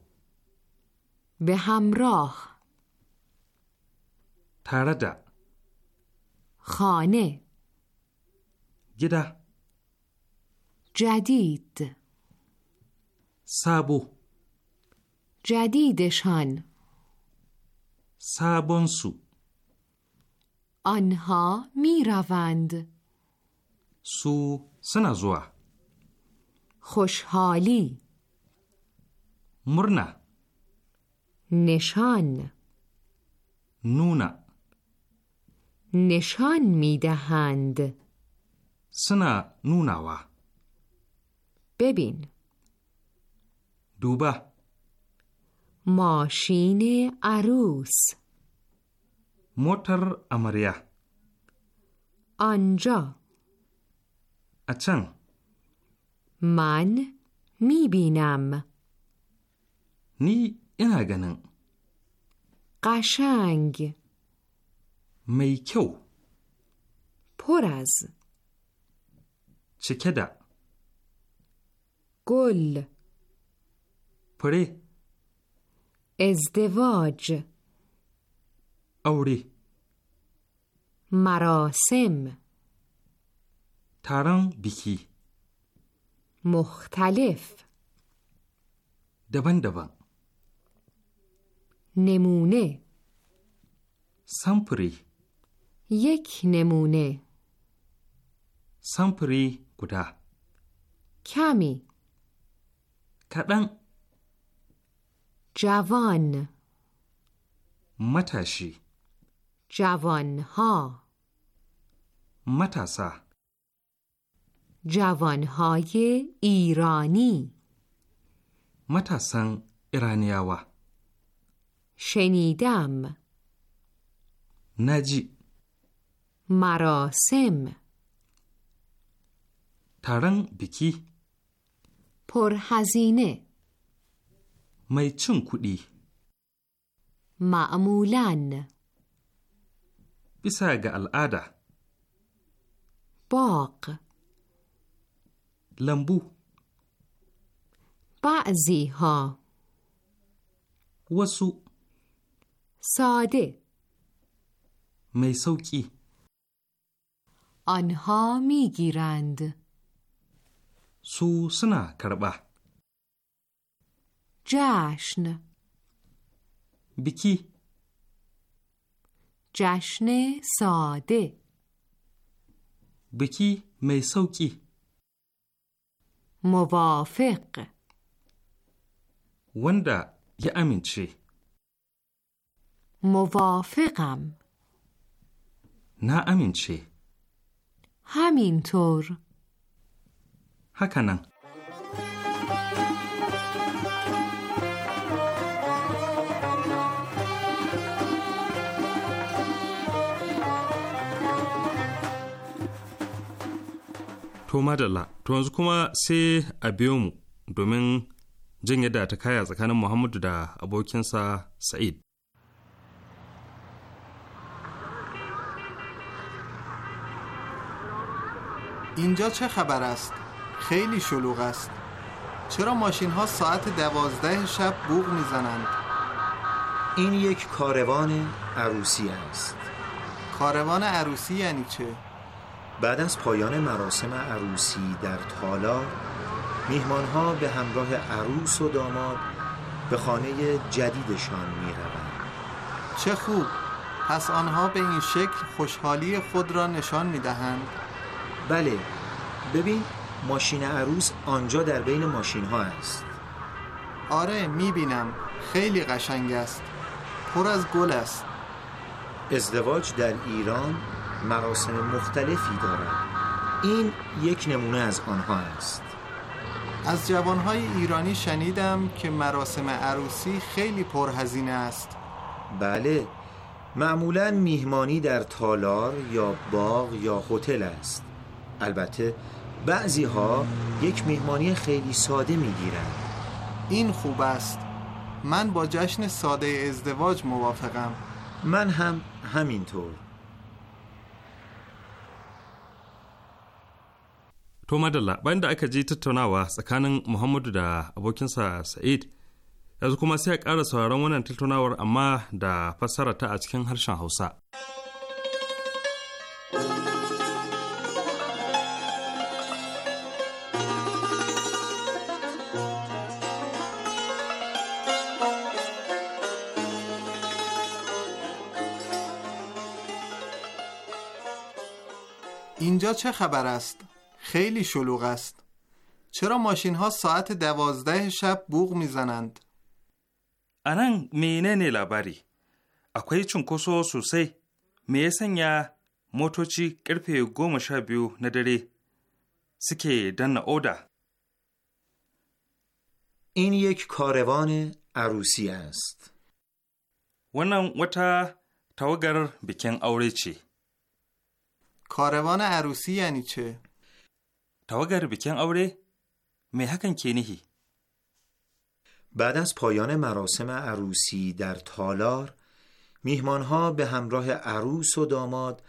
به همراه تردا خانه گدا جدید سابو جدیدشان سابونسو آنها می روند سو سنا زوا خوشحالی مرنه نشان نونا نشان میدهند سنا وا ببین دوبه ماشین عروس موتر امریا آنجا a Man mi binam. Ni ina ganin. Ƙashang. Mai kyau. Puras. Cike da. Gol. Fure. ازدواج aure. مراسم تران بیکی مختلف دبن دبن نمونه سامپری یک نمونه سامپری گدا کمی کدن جوان متشی جوانها متاسا جوانهای ایرانی متاسن ایرانیاوا شنیدم نجی مراسم ترن بکی پرهزینه میچون کودی معمولاً bisa ga al'ada. Bog lambu. Ba'zi ha. Wasu. Sade. Mai sauki. Anha mi girand. Su suna karba. Jashn. Biki. Jashne sade. Biki mai sauƙi. موافق وندا یه امین چی؟ موافقم نه امین چی؟ همینطور هکنن To madalla, to yanzu kuma sai a biyo mu domin jin yadda ta kaya tsakanin Muhammadu da abokinsa Sa'id. اینجا چه خبر است؟ خیلی شلوغ است چرا ماشین ها ساعت دوازده شب بوغ میزنند؟ این یک کاروان عروسی است کاروان عروسی یعنی چه؟ بعد از پایان مراسم عروسی در میهمان ها به همراه عروس و داماد به خانه جدیدشان روند چه خوب پس آنها به این شکل خوشحالی خود را نشان دهند بله ببین ماشین عروس آنجا در بین ماشین ها است آره بینم خیلی قشنگ است پر از گل است ازدواج در ایران مراسم مختلفی دارد این یک نمونه از آنها است از جوانهای ایرانی شنیدم که مراسم عروسی خیلی پرهزینه است بله معمولا میهمانی در تالار یا باغ یا هتل است البته بعضی ها یک میهمانی خیلی ساده میگیرند این خوب است من با جشن ساده ازدواج موافقم من هم همینطور To madalla bayan da aka ji tattaunawa tsakanin Muhammadu da abokinsa Sa'id yanzu kuma sai a ƙara sauraron wannan tattaunawar amma da fassara ta a cikin harshen Hausa. اینجا چه خبر است؟ خیلی شلوغ است. چرا ماشین ها ساعت دوازده شب بوغ میزنند؟ آنان مینه نیلا باری. اکوی چون کسو سو سی میسن یا موتو چی کرپی گو شبیو نداری. سکی دن او این یک کاروان عروسی است. ونان وطا تاوگر بکن آوری چی. کاروان عروسی یعنی چه؟ tawagar بکن aure me hakan ke بعد از پایان مراسم عروسی در تالار ها به همراه عروس و داماد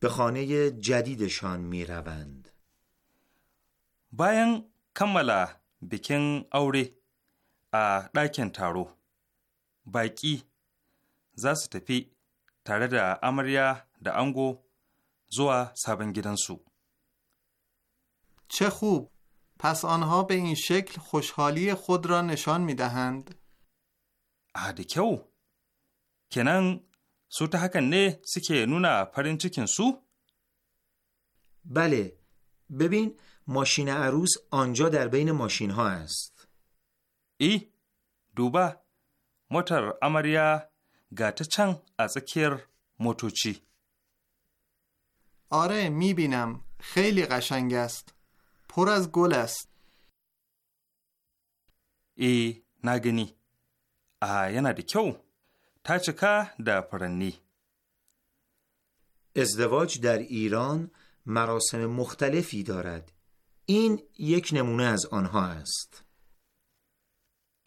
به خانه جدیدشان می روند. باین کملا بکن اوره ا داکن تارو باقی زستفی su تاره دا da دا انگو زوا چه خوب پس آنها به این شکل خوشحالی خود را نشان می دهند که او کنن سو تحکن نه سکه نونا پرین چکن سو بله ببین ماشین عروس آنجا در بین ماشین ها است ای دوبا موتر امریا گاته چنگ از اکیر موتوچی آره می بینم. خیلی قشنگ است پر از گل است ای نگنی آ da kyau ta cika da furanni ازدواج در ایران مراسم مختلفی دارد این یک نمونه از آنها است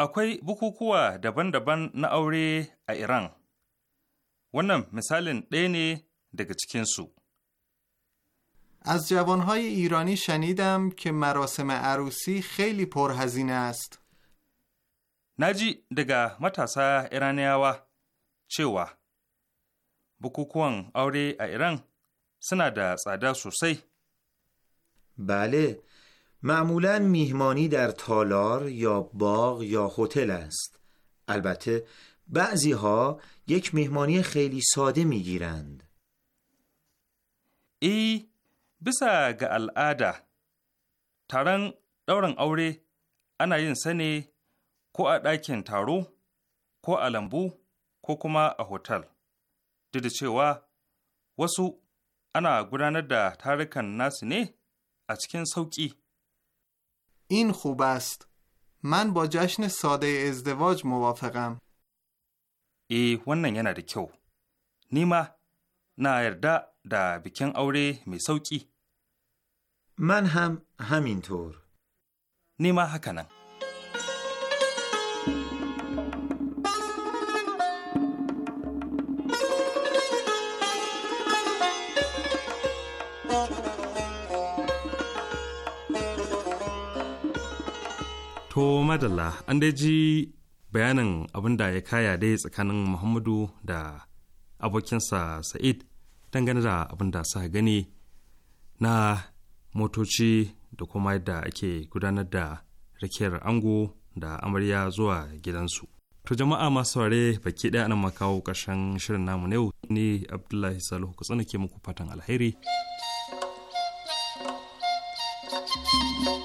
akwai bukukuwa daban-daban na aure a Iran. Wannan misalin ɗaya ne daga cikinsu. از جوانهای ایرانی شنیدم که مراسم عروسی خیلی پرهزینه است. نجی دگه متاسا ایرانیاوا چوا بکوکوان آوری ایران سنا سادا سوسی بله معمولا میهمانی در تالار یا باغ یا هتل است البته بعضی ها یک مهمانی خیلی ساده میگیرند ای Bisa ga al'ada, taron ɗaurin aure ana yin sa ne ko a ɗakin taro, ko a lambu, ko kuma a hotel. Duk da cewa wasu ana gudanar da tarukan nasu ne a cikin sauƙi. in خوب است. من با جشن ساده ازدواج موافقم. Eh, wannan yana da kyau. nima na yarda da bikin aure mai sauƙi. Man ham hamintor. Nima haka nan. To madalla an dai ji bayanin abin da ya kaya dai tsakanin Muhammadu da abokinsa Sa'id dangane da abin da sa gani na motoci da kuma yadda ake gudanar da rakiyar ango da amarya zuwa gidansu. To jama'a masu ware baki ɗaya nan makawo ƙarshen shirin namu na yau ni Abdullahi Salihu ku ke muku fatan alheri. thank you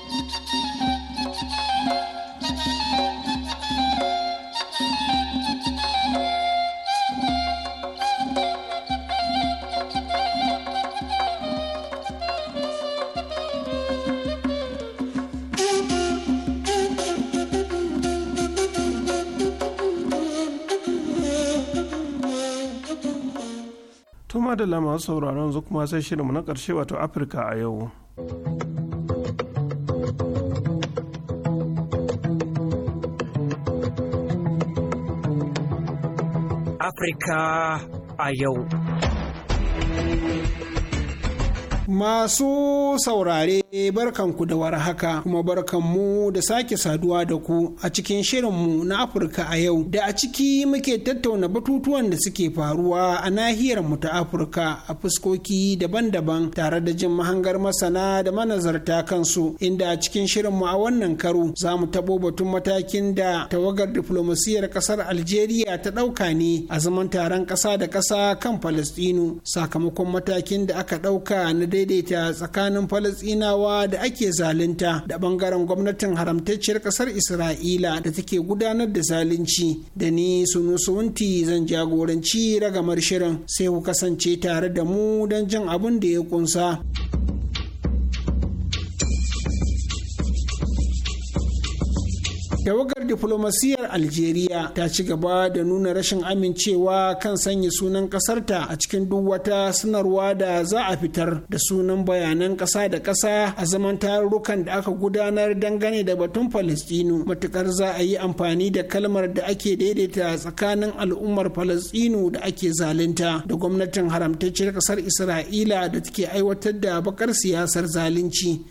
madalla masu sauraron zu kuma sai shirinmu na ƙarshe wato afirka a yau afirka a yau Masu saurare barkanku da war haka kuma barkanmu da sake saduwa da ku a cikin shirin mu na Afirka a yau da a ciki muke tattauna batutuwan da suke faruwa a nahiyar mu ta Afirka a fuskoki daban-daban tare da jin mahangar masana da manazarta kansu inda a cikin shirin mu a wannan karo za mu tabo batun matakin da tawagar diflomasiyar kasar Algeria ta ɗauka ne a zaman taron ƙasa da ƙasa kan Falastinu sakamakon matakin da aka ɗauka na daidaita tsakanin falasinawa da ake zalunta da bangaren gwamnatin haramtacciyar kasar isra'ila da take gudanar da zalunci da ni wunti zan jagoranci ragamar shirin sai ku kasance tare da mu don jin abin da ya kunsa. tawagar diflomasiyyar algeria ta ci gaba da nuna rashin amincewa kan sanya sunan ƙasarta a cikin duk wata sanarwa da za a fitar da sunan bayanan ƙasa da ƙasa a zaman tarurrukan da aka gudanar dangane da batun falastinu matukar za a yi amfani da kalmar da ake daidaita tsakanin al'ummar falastinu da ake zalunta da gwamnatin haramtacciyar ƙasar isra'ila da take aiwatar da bakar siyasar zalunci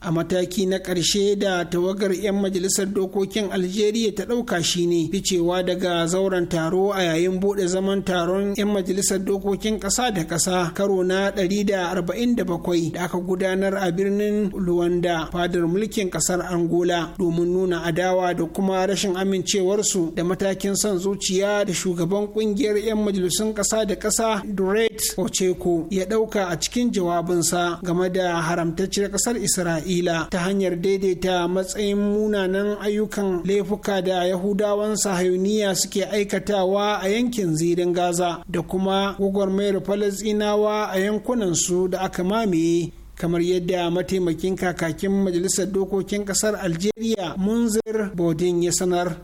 a mataki na ƙarshe da tawagar 'yan majalisar dokokin algeria ta ɗauka shine ficewa daga zauren taro a yayin buɗe zaman taron 'yan majalisar dokokin ƙasa da ƙasa karo na 147 da aka gudanar a birnin luwanda fadar mulkin ƙasar angola domin nuna adawa da kuma rashin amincewarsu da matakin son zuciya da shugaban ƙungiyar 'yan majalisun ƙasa da ƙasa duret ocheko ya ɗauka a cikin jawabinsa game da haramtacciyar ƙasar isra'ila isra'ila ta hanyar daidaita matsayin munanan ayyukan laifuka da yahudawan sahayuniya suke aikatawa a yankin zirin gaza da kuma gwagwarmayar falasinawa a yankunansu da aka mamaye kamar yadda mataimakin kakakin majalisar dokokin kasar algeria munzir bodin ya sanar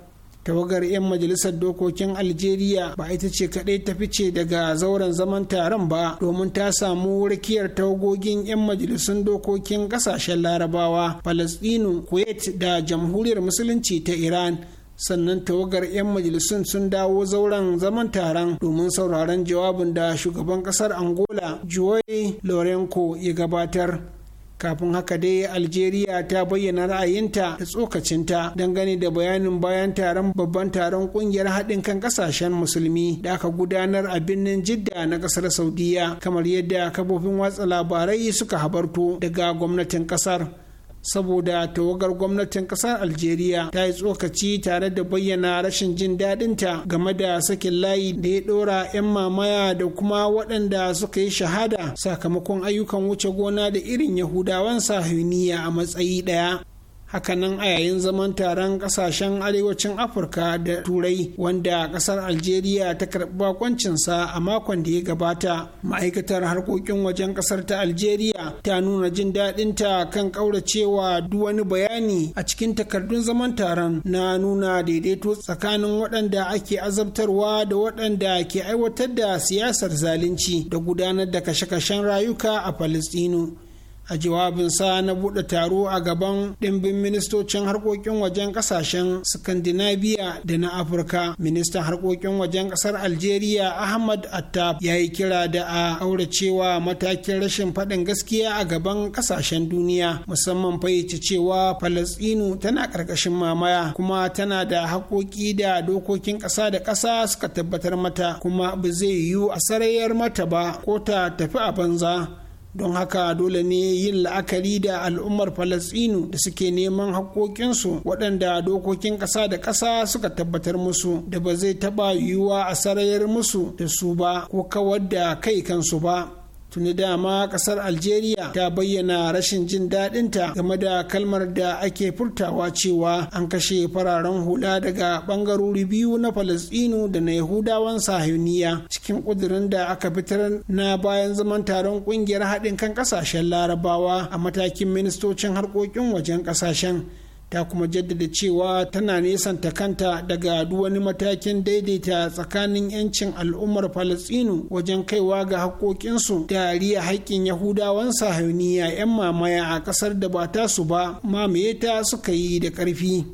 tawagar 'yan majalisar dokokin algeria ba ita ce kadai ta fice daga zauren zaman taron ba domin ta samu rakiyar tawagogin 'yan majalisun dokokin kasashen larabawa palestino kuwait da jamhuriyar musulunci ta iran sannan tawagar 'yan majalisun sun dawo zauren zaman taron domin sauraron jawabin da shugaban kasar angola joy lorenco ya gabatar kafin haka dai algeria ta bayyana ra'ayinta da tsokacinta dangane da bayanin bayan taron babban taron kungiyar haɗin kan ƙasashen musulmi da aka gudanar a birnin jidda na ƙasar saudiya kamar yadda kafofin watsa labarai suka habarto daga gwamnatin ƙasar saboda tawagar gwamnatin kasar algeria ta yi tsokaci tare da bayyana rashin jin daɗinta game da sakin layi da ya ɗora 'yan mamaya da kuma waɗanda suka yi shahada sakamakon ayyukan wuce gona da irin yahudawan sahiniya a matsayi ɗaya hakanan a yayin zaman taron kasashen arewacin afirka da turai wanda kasar algeria ta karɓi bakoncinsa a makon da ya gabata ma'aikatar harkokin wajen kasar ta algeria ta nuna jin daɗinta kan ƙauracewa duk wani bayani a cikin takardun zaman taron na nuna daidaito tsakanin waɗanda ake azabtarwa da waɗanda ke aiwatar da siyasar zalunci da gudanar da kashe-kashen rayuka a palestino a jawabinsa na buɗe taro a gaban dimbin ministocin harkokin wajen ƙasashen scandinavia da na afirka ministan harkokin wajen ƙasar algeria ahmad attab ya yi kira da a aure cewa matakin rashin faɗin gaskiya a gaban ƙasashen duniya musamman fayyace cewa falasɗinu tana ƙarƙashin mamaya kuma tana da haƙoƙi da dokokin ƙasa da ƙasa suka tabbatar mata kuma ba zai yiwu a sarayyar mata ba ko ta tafi a banza don haka dole ne yin la'akari da al'ummar falasinu da suke neman haƙoƙinsu waɗanda dokokin ƙasa da ƙasa suka tabbatar musu da ba zai taɓa yiwuwa a sarayar musu da su ba ko kawar da kai kansu ba tuni dama kasar algeria ta bayyana rashin jin daɗinta game da kalmar da ake furtawa cewa an kashe fararen hula daga ɓangarori biyu na falasɗinu da na yahudawan sahiniya cikin ƙudurin da aka fitar na bayan zaman taron ƙungiyar haɗin kan ƙasashen larabawa a matakin ministocin harkokin wajen ƙasashen ta kuma jaddada cewa tana nesanta kanta daga wani matakin daidaita tsakanin 'yancin al'ummar falastinu wajen kaiwa ga haƙoƙinsu da riya haƙƙin yahudawan sahauniya 'yan mamaya a ƙasar da ba su ba mamaye ta suka yi da ƙarfi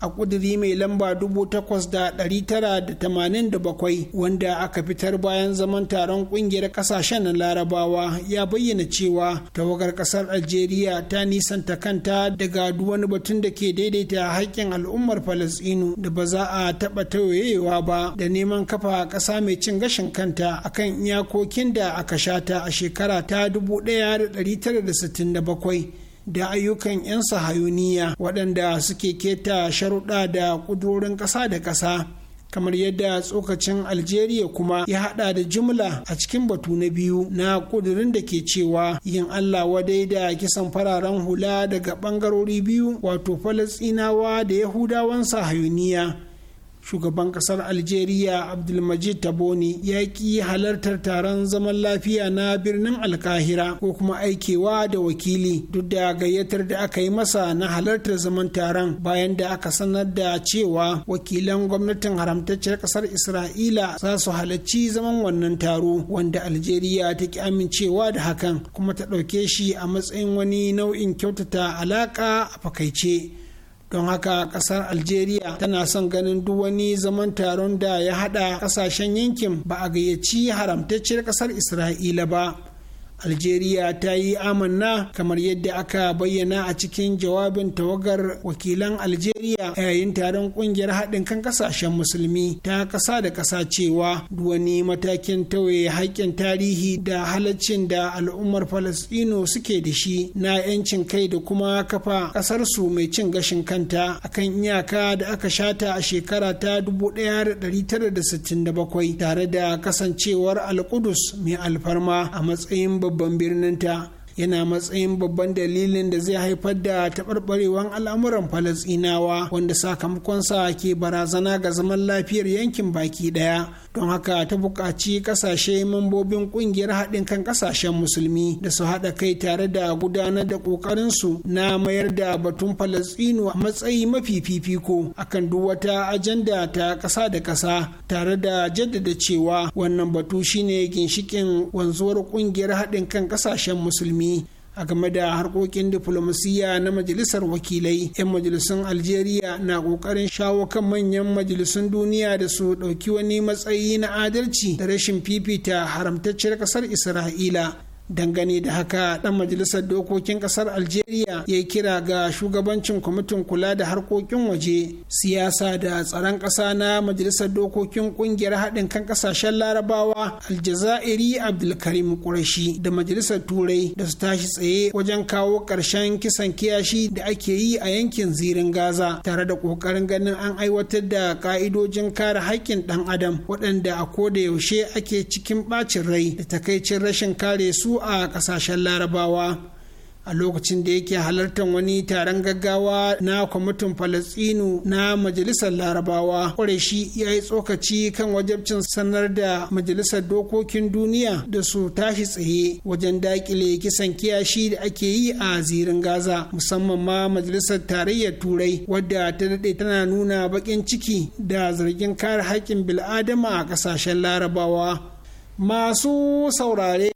a ƙudiri mai lamba 8,987 wanda aka fitar bayan zaman taron ƙungiyar ƙasashen larabawa ya bayyana cewa tawagar ƙasar algeria ta nisanta kanta daga wani batun da ke daidaita haƙƙin al'ummar falasɗinu da ba za a taɓa tauyewa ba da neman kafa ƙasa mai cin gashin kanta akan iyakokin da aka shata a shekara ta 1967 da ayyukan 'yan sahayuniya waɗanda suke keta sharuɗa da ƙudurorin ƙasa da ƙasa kamar yadda tsokacin algeria kuma ya haɗa da jumla a cikin batu na biyu na ƙudurin da ke cewa yin allah wadai da kisan fararen hula daga ɓangarori biyu wato falasinawa da yahudawan sahayuniya shugaban kasar algeria abdulmajid taboni ya ki halartar taron zaman lafiya na birnin alkahira ko kuma aikewa da wakili duk da gayyatar da aka yi masa na halartar zaman taron bayan da aka sanar da cewa wakilan gwamnatin haramtacciyar kasar isra'ila za su halarci zaman wannan taro wanda algeria ta ki amincewa da hakan kuma ta ɗauke shi a matsayin wani nau'in kyautata alaƙa a fakaice don haka kasar algeria tana son ganin duk wani zaman taron da ya hada kasashen yankin ba a gayyaci haramtacciyar kasar isra'ila ba algeria ta yi amanna kamar yadda aka bayyana a cikin jawabin tawagar wakilan algeria a yayin taron kungiyar haɗin kan ƙasashen musulmi ta ƙasa da ƙasa cewa wani matakin tawaye haƙƙin tarihi da halaccin da al'ummar falasɗino suke da shi na 'yancin kai da kuma kafa ƙasarsu mai cin gashin kanta akan iyaka da aka shata a shekara ta 1967 tare da kasancewar alƙudus mai alfarma a matsayin babban ta yana matsayin babban dalilin da zai haifar da taɓarɓarewar al'amuran falasinawa wanda sakamakonsa ke barazana ga zaman lafiyar yankin baki ɗaya don haka ta buƙaci ƙasashe mambobin ƙungiyar haɗin kan ƙasashen musulmi da su haɗa kai tare da gudanar da ƙoƙarinsu na mayar da batun falastinu a matsayi mafi fifiko akan duk wata ajanda ta ƙasa da ƙasa tare da jaddada cewa wannan batu shine ginshikin wanzuwar ƙungiyar haɗin kan ƙasashen musulmi a game da harkokin diflomasiyya na majalisar wakilai 'yan majalisun algeria na kokarin shawo kan manyan majalisun duniya da su ɗauki wani matsayi na adalci da rashin fifita haramtacciyar kasar isra'ila dangane da haka dan majalisar dokokin kasar algeria ya kira ga shugabancin kwamitin kula da harkokin waje siyasa da tsaron ƙasa na majalisar dokokin kungiyar haɗin kan ƙasashen larabawa aljazairi abdulkarim ƙurashi da majalisar turai da su tashi tsaye wajen kawo ƙarshen kisan kiyashi da ake yi a yankin zirin gaza tare da ƙoƙarin ganin an aiwatar da ƙa'idojin kare haƙƙin ɗan adam waɗanda a ko da yaushe ake cikin ɓacin rai da takaicin rashin kare su a kasashen larabawa a lokacin da yake halartar wani taron gaggawa na kwamitin falastinu na majalisar larabawa shi ya yi tsokaci kan wajabcin sanar da majalisar dokokin duniya da su tashi tsaye wajen dakile kisan kiyashi da ake yi a zirin gaza musamman ma majalisar tarayyar turai wadda ta daɗe tana nuna baƙin ciki da zargin kare haƙƙin bil'adama a ƙasashen larabawa masu saurare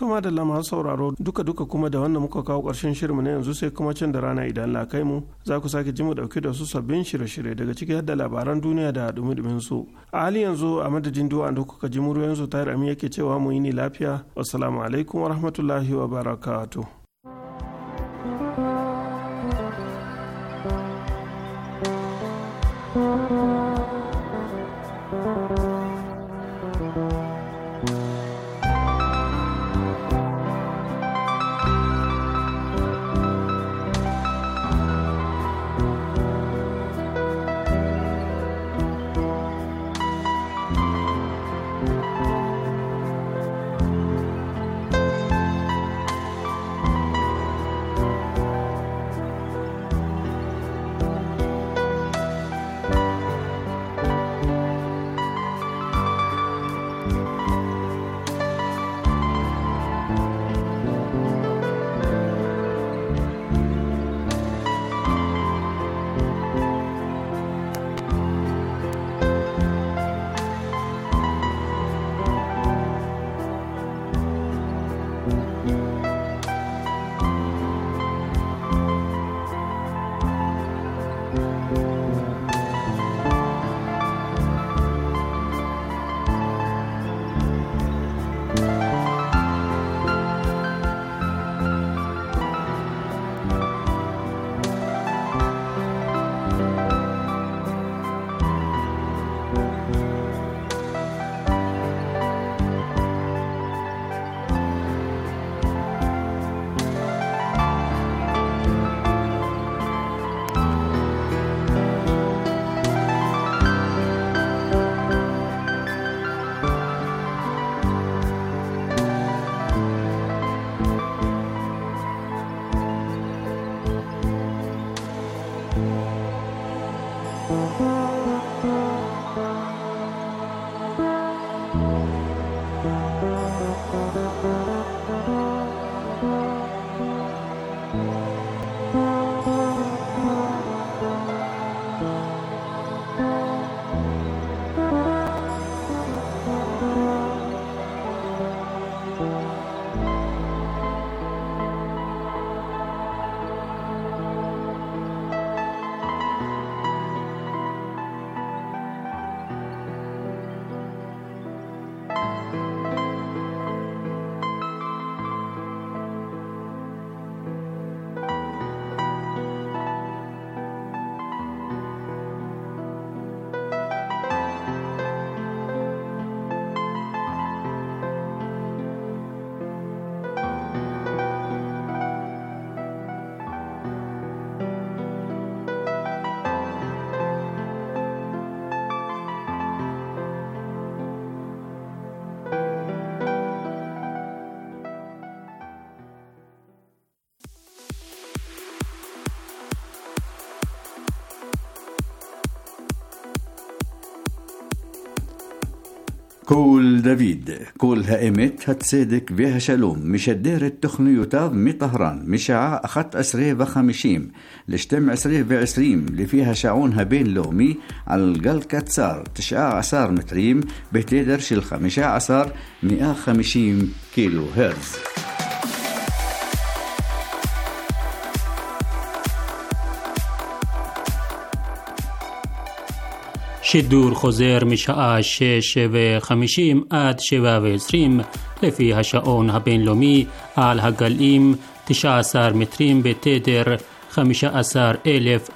Tuma da lama sauraro duka-duka kuma da wannan muka kawo karshen shirinmu na yanzu sai kuma can da rana idan Allah kai mu za ku sake ji mu dauke da su sabbin shirye-shirye daga ciki yadda da labaran duniya da dumi-dumin su. A hali yanzu a madadin duwa da kuka ji muryoyin su tayar amin yake cewa mu yi ni lafiya. assalamu alaikum wa rahmatullahi wa barakatuh. كول دافيد كول هائمت هتصدق بها شلوم مش الدير تخنيوتاف مي طهران مشاع أخت أسري بخمشيم لشتم أسري بعسريم اللي فيها شعونها بين لومي على القل كتسار تشعى عصار متريم بتدرش الخمشة عصار مئة خمشيم كيلو هرتز چه دور خوزر میشه از شش و خمیشیم اد شو و سریم لفی هشه هبین لومی آل تشه متریم به تدر خمیشه اثر